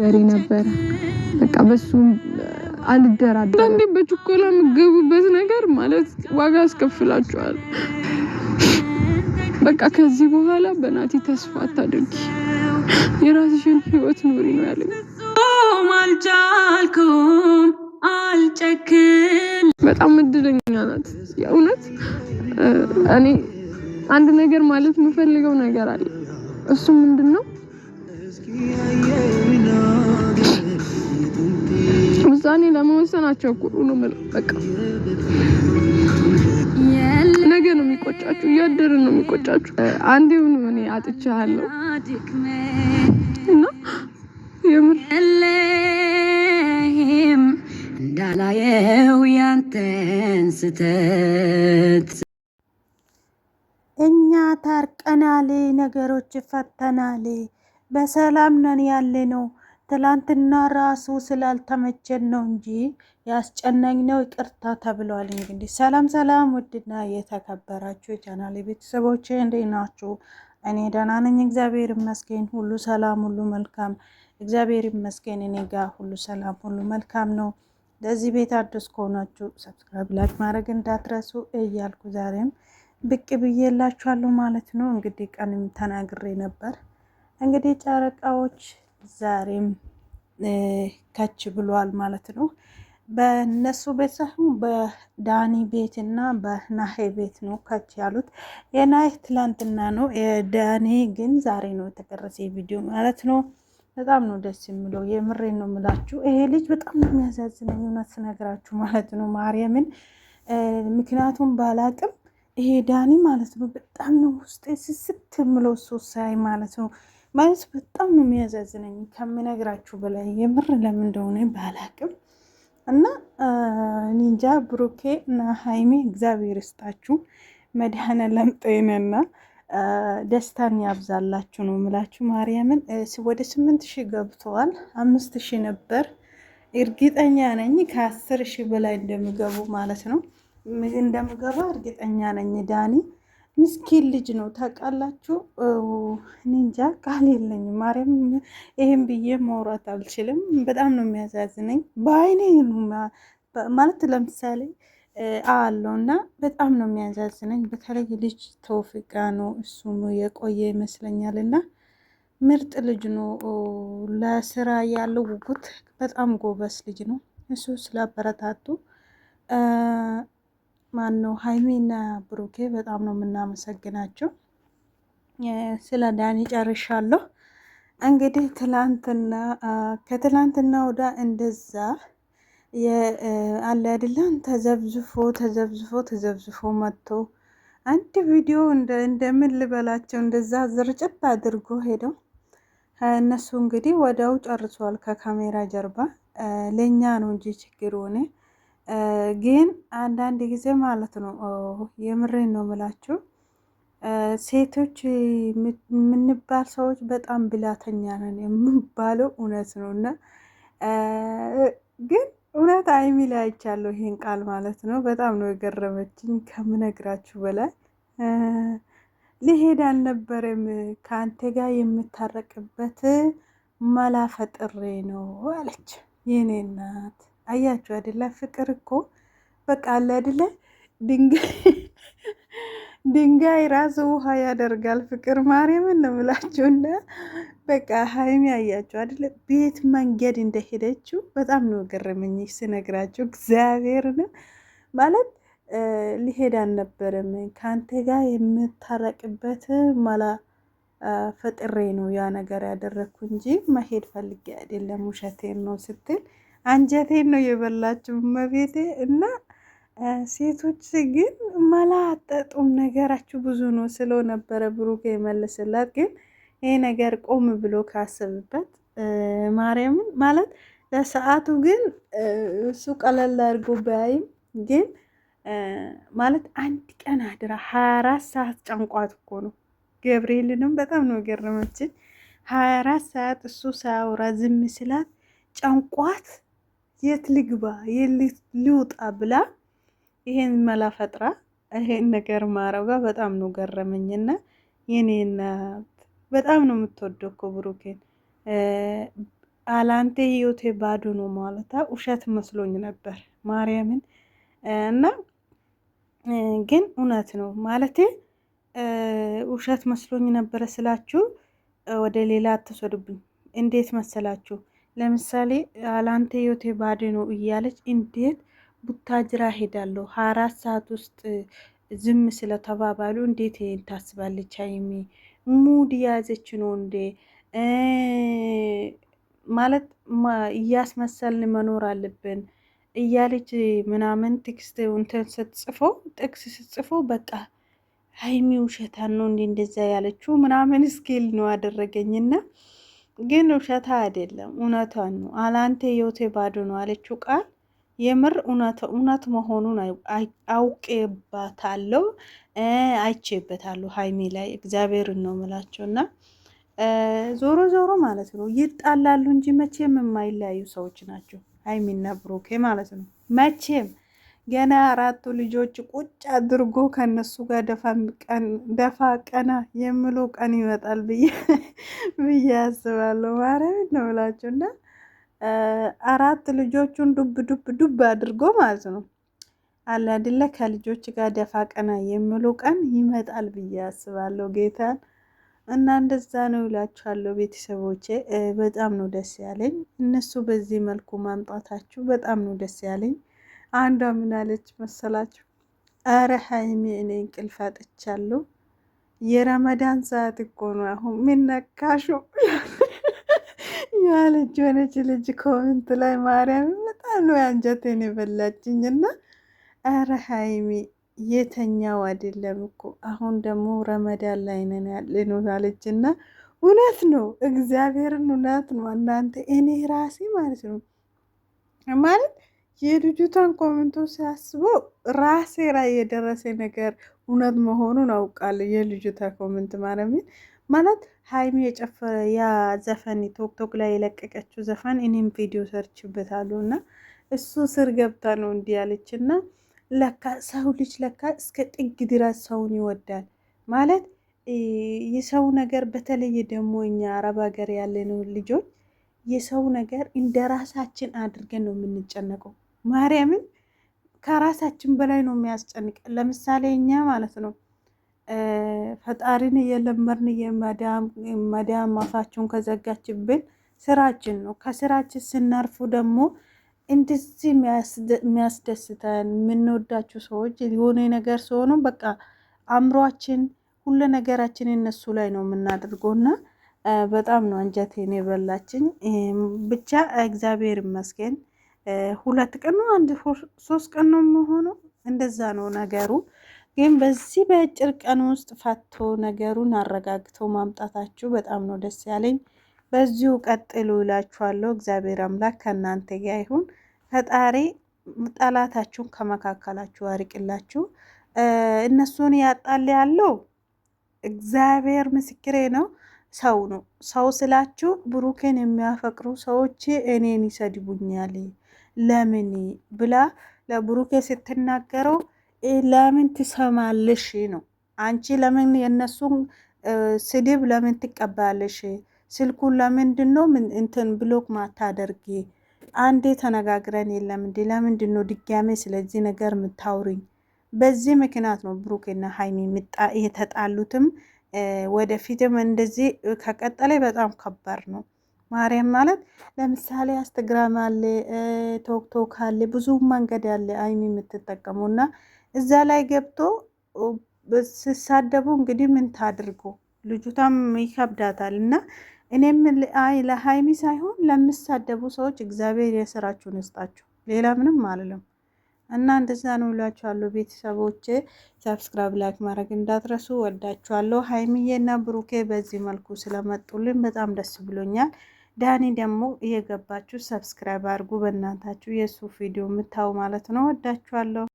በሬ ነበረ። በቃ በሱ አልደራደርም። አንዳንዴ በችኮላ የምገቡበት ነገር ማለት ዋጋ ያስከፍላችኋል። በቃ ከዚህ በኋላ በናቲ ተስፋ አታድርጊ፣ የራስሽን ህይወት ኑሪ ነው ያለኝ። አልቻልኩም፣ አልጨክል በጣም እድለኛ ናት የእውነት። እኔ አንድ ነገር ማለት የምፈልገው ነገር አለ። እሱ ምንድን ነው? ውሳኔ ለመወሰናቸው እኮ ነው። በቃ ነገ ነው የሚቆጫችሁ፣ እያደርን ነው የሚቆጫችሁ። አንዴውን እኔ አጥቻለሁ እና የምር እንዳላየው ያንተን ስተት እኛ ታርቀናል፣ ነገሮች ፈተናል፣ በሰላም ነን ያለ ነው ትላንትና ራሱ ስላልተመቸን ነው እንጂ ያስጨናኝ ነው ይቅርታ ተብሏል። እንግዲህ ሰላም ሰላም፣ ውድና የተከበራችሁ የቻናል ቤተሰቦች እንዴት ናችሁ? እኔ ደህና ነኝ፣ እግዚአብሔር ይመስገን። ሁሉ ሰላም፣ ሁሉ መልካም፣ እግዚአብሔር ይመስገን። እኔ ጋ ሁሉ ሰላም፣ ሁሉ መልካም ነው። ለዚህ ቤት አዲስ ከሆናችሁ ሰብስክራይብ፣ ላይክ ማድረግ እንዳትረሱ እያልኩ ዛሬም ብቅ ብዬላችኋለሁ ማለት ነው። እንግዲህ ቀንም ተናግሬ ነበር እንግዲህ ጨረቃዎች ዛሬም ከች ብሏል ማለት ነው። በነሱ ቤት ሳይሆን በዳኒ ቤት እና በናሄ ቤት ነው ከች ያሉት። የናሄ ትላንትና ነው፣ የዳኒ ግን ዛሬ ነው የተቀረጸ ቪዲዮ ማለት ነው። በጣም ነው ደስ የሚለው። የምሬ ነው የምላችሁ። ይሄ ልጅ በጣም ነው የሚያሳዝነኝ እውነት ስነግራችሁ ማለት ነው ማርያምን። ምክንያቱም ባላቅም ይሄ ዳኒ ማለት ነው በጣም ነው ውስጤ ስስት የምለው ሶሳይ ማለት ነው ማለት በጣም ነው የሚያዛዝነኝ ከምነግራችሁ በላይ የምር ለምን እንደሆነ ባላቅም እና ኒንጃ ብሩኬ እና ሀይሜ እግዚአብሔር ይስጣችሁ መድኃኔዓለም ጤናና ደስታን ያብዛላችሁ ነው ምላችሁ። ማርያምን ወደ ስምንት ሺህ ገብተዋል። አምስት ሺህ ነበር እርግጠኛ ነኝ ከአስር ሺህ በላይ እንደሚገቡ ማለት ነው እንደምገባ እርግጠኛ ነኝ ዳኒ ምስኪን ልጅ ነው ታውቃላችሁ። እኔ እንጃ ቃል የለኝም። ማርያም ይህን ብዬ ማውራት አልችልም። በጣም ነው የሚያሳዝነኝ። በአይኔ ማለት ለምሳሌ አለው እና በጣም ነው የሚያዛዝነኝ። በተለይ ልጅ ተውፊቃ ነው እሱ የቆየ ይመስለኛል እና ምርጥ ልጅ ነው። ለስራ ያለው ጉጉት በጣም ጎበስ ልጅ ነው። እሱ ስላበረታቱ ማነው ሀይሚና ብሩኬ በጣም ነው የምናመሰግናቸው። ስለ ዳኒ ጨርሻለሁ። እንግዲህ ትላንትና ከትላንትና ወዳ እንደዛ አለ አይደለም፣ ተዘብዝፎ ተዘብዝፎ ተዘብዝፎ መጥቶ አንድ ቪዲዮ እንደምን ልበላቸው እንደዛ ዝርጭት አድርጎ ሄደው እነሱ እንግዲህ ወዳው ጨርሷል ከካሜራ ጀርባ። ለእኛ ነው እንጂ ችግር ሆኔ። ግን አንዳንድ ጊዜ ማለት ነው የምሬን ነው ምላችሁ ሴቶች የምንባል ሰዎች በጣም ብላተኛ ነን የምባለው እውነት ነው። እና ግን እውነት ሀይሚ ላይ አይቻለሁ ይሄን ቃል ማለት ነው። በጣም ነው የገረመችኝ ከምነግራችሁ በላይ ሊሄድ አልነበረም ከአንተ ጋር የምታረቅበት መላ ፈጥሬ ነው አለች የኔ እናት። አያችሁ አይደለ? ፍቅር እኮ በቃ አለ አይደለ? ድንጋይ ራሱ ውሃ ያደርጋል። ፍቅር ማርያምን ነው የምላችሁና በቃ ሀይሚ አያችሁ አይደለ? ቤት መንገድ እንደሄደችው በጣም ነው ገረመኝ ስነግራችሁ እግዚአብሔርን ማለት ሊሄድ አልነበረም። ከአንተ ጋር የምታረቅበት መላ ፈጥሬ ነው ያ ነገር ያደረግኩ እንጂ መሄድ ፈልጌ አይደለም፣ ውሸቴን ነው ስትል አንጀቴን ነው የበላችው መቤቴ እና ሴቶች ግን መላ አጠጡም ነገራችሁ ብዙ ነው ስለው ነበረ ብሩክ የመለስላት ግን ይሄ ነገር ቆም ብሎ ካሰብበት ማርያምን ማለት ለሰዓቱ ግን እሱ ቀለል አድርጎ ባይም ግን ማለት አንድ ቀን አድራ ሀያ አራት ሰዓት ጨንቋት እኮ ነው። ገብርኤልንም በጣም ነው ገረመችን። ሀያ አራት ሰዓት እሱ ሳያውራ ዝም ስላት ጨንቋት የት ልግባ የት ልውጣ ብላ ይሄን መላ ፈጥራ ይሄን ነገር ማረጋ በጣም ነው ገረመኝና የኔ እናት በጣም ነው የምትወደው እኮ ብሩኬን። አላንቴ ህይወቴ ባዶ ነው ማለታ ውሸት መስሎኝ ነበር ማርያምን እና ግን እውነት ነው ማለቴ ውሸት መስሎኝ ነበረ ስላችሁ ወደ ሌላ አትወሰዱብኝ። እንዴት መሰላችሁ? ለምሳሌ አላንተ ህይወቴ ባዶ ነው እያለች እንዴት ቡታጅራ ሄዳለሁ አራት ሰዓት ውስጥ ዝም ስለተባባሉ እንዴት ይሄን ታስባለች? ሀይሚ ሙድ የያዘች ነው እንዴ? ማለት እያስመሰልን መኖር አለብን እያለች ምናምን ቴክስት እንትን ስትጽፎ ጥቅስ ስትጽፎ በቃ ሀይሚ ውሸታን ነው እንዴ እንደዛ ያለችው ምናምን ስኬል ነው ያደረገኝና ግን ውሸት አይደለም፣ እውነቷን ነው። አላንተ ህይወቴ ባዶ ነው አለችው ቃል የምር እውነት መሆኑን አውቄበታለሁ፣ አይቼበታለሁ ሀይሚ ላይ እግዚአብሔር ነው ምላቸው እና ዞሮ ዞሮ ማለት ነው ይጣላሉ እንጂ መቼም የማይለያዩ ሰዎች ናቸው ሀይሚና ብሩኬ ማለት ነው መቼም ገና አራቱ ልጆች ቁጭ አድርጎ ከነሱ ጋር ደፋ ቀና የምሎ ቀን ይመጣል ብዬ አስባለሁ። ማርያምን ነው ብላችሁ እና አራት ልጆቹን ዱብ ዱብ ዱብ አድርጎ ማለት ነው አለ አይደለ ከልጆች ጋር ደፋ ቀና የምሎ ቀን ይመጣል ብዬ አስባለሁ። ጌታን እና እንደዛ ነው ይላችኋለሁ ቤተሰቦቼ። በጣም ነው ደስ ያለኝ እነሱ በዚህ መልኩ ማምጣታችሁ በጣም ነው ደስ ያለኝ። አንዷ ምን አለች መሰላችሁ? አረ ሀይሜ እኔ እንቅልፍ አጥቻለሁ። የረመዳን ሰዓት እኮ ነው አሁን ምን ነካሹ ያለች የሆነች ልጅ ኮሜንት ላይ ማርያም በጣም ነው አንጀቴን የበላችኝ። እና አረ ሀይሜ የተኛው አይደለም እኮ አሁን ደግሞ ረመዳን ላይ ነን ያለ ነው አለች እና እውነት ነው እግዚአብሔርን እውነት ነው እናንተ እኔ ራሴ ማለት ነው ማለት የልጅቷን ኮመንቶ ሲያስበው ራሴ ላይ የደረሰ ነገር እውነት መሆኑን አውቃለሁ። የልጅቷ ኮመንት ማረሚን ማለት ሀይሚ የጨፈረ ያ ዘፈን ቶክቶክ ላይ የለቀቀችው ዘፈን እኔም ቪዲዮ ሰርችበታለሁ እና እሱ ስር ገብታ ነው እንዲህ ያለች እና ለካ ሰው ልጅ ለካ እስከ ጥግ ድረስ ሰውን ይወዳል ማለት የሰው ነገር በተለይ ደግሞ እኛ አረብ ሀገር ያለነው ልጆች የሰው ነገር እንደ ራሳችን አድርገን ነው የምንጨነቀው። ማርያምን ከራሳችን በላይ ነው የሚያስጨንቀን። ለምሳሌ እኛ ማለት ነው ፈጣሪን እየለመርን የመዳም አፋቸውን ከዘጋችብን ስራችን ነው። ከስራችን ስናርፉ ደግሞ እንደዚህ የሚያስደስተን የምንወዳቸው ሰዎች የሆነ ነገር ሲሆኑ በቃ አእምሯችን ሁሉ ነገራችን እነሱ ላይ ነው የምናደርገውና በጣም ነው አንጀቴን የበላችኝ። ብቻ እግዚአብሔር ይመስገን። ሁለት ቀን ነው አንድ ሶስት ቀን ነው የሚሆነው። እንደዛ ነው ነገሩ። ግን በዚህ በአጭር ቀን ውስጥ ፈቶ ነገሩን አረጋግተው ማምጣታችሁ በጣም ነው ደስ ያለኝ። በዚሁ ቀጥሉ ይላችኋለሁ። እግዚአብሔር አምላክ ከእናንተ ጋር ይሁን። ፈጣሪ ጠላታችሁን ከመካከላችሁ አርቅላችሁ። እነሱን ያጣል ያለው እግዚአብሔር ምስክሬ ነው። ሰው ነው ሰው ስላችሁ ብሩኬን የሚያፈቅሩ ሰዎች እኔን ይሰድቡኛል ለምን ብላ ለብሩኬ ስትናገረው ለምን ትሰማለሽ ነው አንቺ ለምን የነሱን ስድብ ለምን ትቀባለሽ? ስልኩን ለምንድን ነው እንትን ብሎክ ማታደርጊ? አንዴ ተነጋግረን የለም ለምንድን ነው ድጋሜ ስለዚህ ነገር ምታውሪኝ? በዚህ ምክንያት ነው ብሩኬና ሀይሚ የተጣሉትም። ወደፊትም እንደዚህ ከቀጠለ በጣም ከባድ ነው። ማርያም ማለት ለምሳሌ አስተግራም አለ፣ ቶክቶክ አለ፣ ብዙ መንገድ አለ አይሚ የምትጠቀሙ እና እዛ ላይ ገብቶ ሲሳደቡ እንግዲህ ምን ታድርጎ ልጁታም ይከብዳታል እና እኔም ለሀይሚ ሳይሆን ለምሳደቡ ሰዎች እግዚአብሔር የስራችሁን ይስጣችሁ። ሌላ ምንም አልለም እና እንደዛ ነው እላችኋለሁ። ቤተሰቦች ሰብስክራይብ፣ ላይክ ማድረግ እንዳትረሱ። ወዳችኋለሁ። ሀይሚዬና ብሩኬ በዚህ መልኩ ስለመጡልኝ በጣም ደስ ብሎኛል። ዳኒ ደግሞ እየገባችሁ ሰብስክራይብ አድርጉ። በእናታችሁ የእሱ ቪዲዮ የምታው ማለት ነው። ወዳችኋለሁ።